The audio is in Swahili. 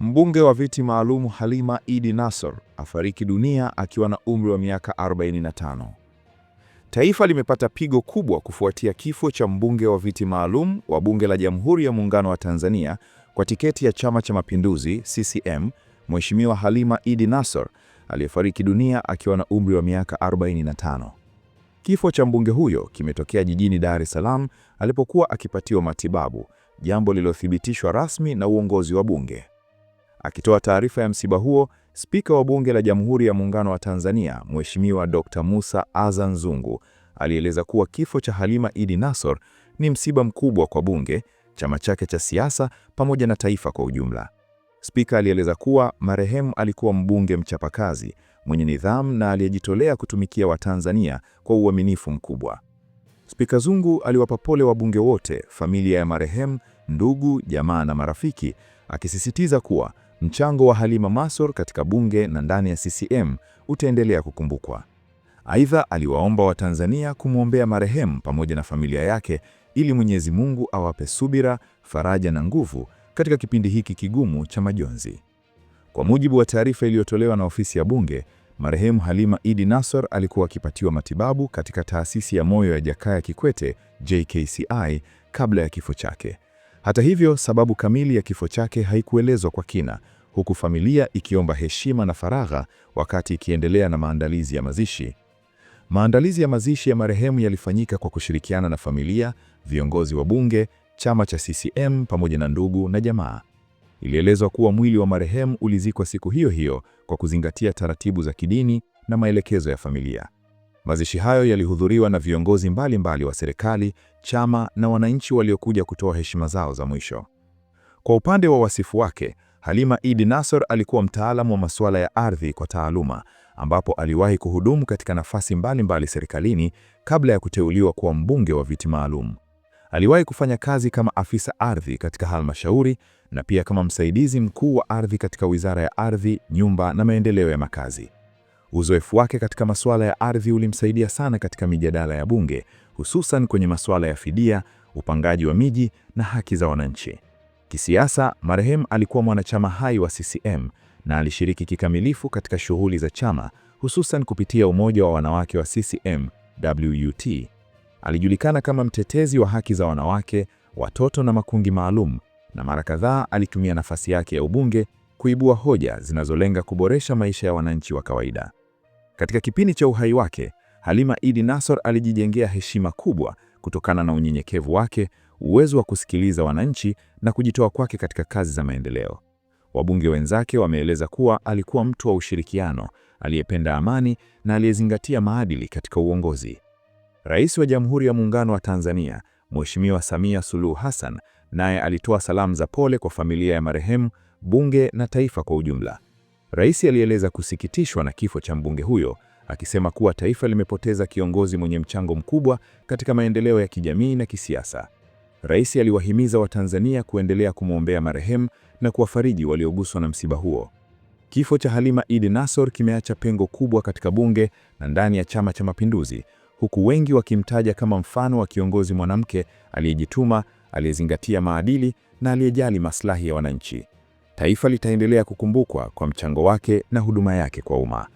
Mbunge wa viti maalum Halima Idi Nassor afariki dunia akiwa na umri wa miaka 45. Taifa limepata pigo kubwa kufuatia kifo cha mbunge wa viti maalum wa Bunge la Jamhuri ya Muungano wa Tanzania kwa tiketi ya Chama cha Mapinduzi CCM, Mheshimiwa Halima Idi Nassor aliyefariki dunia akiwa na umri wa miaka 45. Kifo cha mbunge huyo kimetokea jijini Dar es Salaam alipokuwa akipatiwa matibabu, jambo lililothibitishwa rasmi na uongozi wa bunge. Akitoa taarifa ya msiba huo, Spika wa Bunge la Jamhuri ya Muungano wa Tanzania, Mheshimiwa Dr. musa Azzan Zungu, alieleza kuwa kifo cha Halima Idi Nassor ni msiba mkubwa kwa bunge, chama chake cha siasa pamoja na taifa kwa ujumla. Spika alieleza kuwa marehemu alikuwa mbunge mchapakazi, mwenye nidhamu na aliyejitolea kutumikia Watanzania kwa uaminifu mkubwa. Spika Zungu aliwapa pole wabunge wote, familia ya marehemu, ndugu, jamaa na marafiki, akisisitiza kuwa mchango wa Halima Masor katika bunge na ndani ya CCM utaendelea kukumbukwa. Aidha, aliwaomba Watanzania kumwombea marehemu pamoja na familia yake ili Mwenyezi Mungu awape subira, faraja na nguvu katika kipindi hiki kigumu cha majonzi. Kwa mujibu wa taarifa iliyotolewa na ofisi ya Bunge, Marehemu Halima Idi Nassor alikuwa akipatiwa matibabu katika taasisi ya moyo ya Jakaya Kikwete JKCI kabla ya kifo chake. Hata hivyo, sababu kamili ya kifo chake haikuelezwa kwa kina, huku familia ikiomba heshima na faragha wakati ikiendelea na maandalizi ya mazishi. Maandalizi ya mazishi ya marehemu yalifanyika kwa kushirikiana na familia, viongozi wa bunge, chama cha CCM pamoja na ndugu na jamaa. Ilielezwa kuwa mwili wa marehemu ulizikwa siku hiyo hiyo kwa kuzingatia taratibu za kidini na maelekezo ya familia. Mazishi hayo yalihudhuriwa na viongozi mbalimbali mbali wa serikali, chama na wananchi waliokuja kutoa heshima zao za mwisho. Kwa upande wa wasifu wake, Halima Eid Nasor alikuwa mtaalamu wa masuala ya ardhi kwa taaluma, ambapo aliwahi kuhudumu katika nafasi mbalimbali mbali serikalini kabla ya kuteuliwa kuwa mbunge wa viti maalum. Aliwahi kufanya kazi kama afisa ardhi katika halmashauri na pia kama msaidizi mkuu wa ardhi katika Wizara ya Ardhi, Nyumba na Maendeleo ya Makazi. Uzoefu wake katika masuala ya ardhi ulimsaidia sana katika mijadala ya Bunge, hususan kwenye masuala ya fidia, upangaji wa miji na haki za wananchi. Kisiasa, marehemu alikuwa mwanachama hai wa CCM na alishiriki kikamilifu katika shughuli za chama, hususan kupitia Umoja wa Wanawake wa CCM, WUT Alijulikana kama mtetezi wa haki za wanawake, watoto na makundi maalum, na mara kadhaa alitumia nafasi yake ya ubunge kuibua hoja zinazolenga kuboresha maisha ya wananchi wa kawaida. Katika kipindi cha uhai wake, Halima Idi Nassor alijijengea heshima kubwa kutokana na unyenyekevu wake, uwezo wa kusikiliza wananchi na kujitoa kwake katika kazi za maendeleo. Wabunge wenzake wameeleza kuwa alikuwa mtu wa ushirikiano, aliyependa amani na aliyezingatia maadili katika uongozi. Rais wa Jamhuri ya Muungano wa Tanzania, Mheshimiwa Samia Suluhu Hassan, naye alitoa salamu za pole kwa familia ya marehemu, bunge na taifa kwa ujumla. Rais alieleza kusikitishwa na kifo cha mbunge huyo, akisema kuwa taifa limepoteza kiongozi mwenye mchango mkubwa katika maendeleo ya kijamii na kisiasa. Rais aliwahimiza Watanzania kuendelea kumwombea marehemu na kuwafariji walioguswa na msiba huo. Kifo cha Halima Idi Nassor kimeacha pengo kubwa katika bunge na ndani ya Chama cha Mapinduzi, huku wengi wakimtaja kama mfano wa kiongozi mwanamke aliyejituma, aliyezingatia maadili na aliyejali maslahi ya wananchi. Taifa litaendelea kukumbukwa kwa mchango wake na huduma yake kwa umma.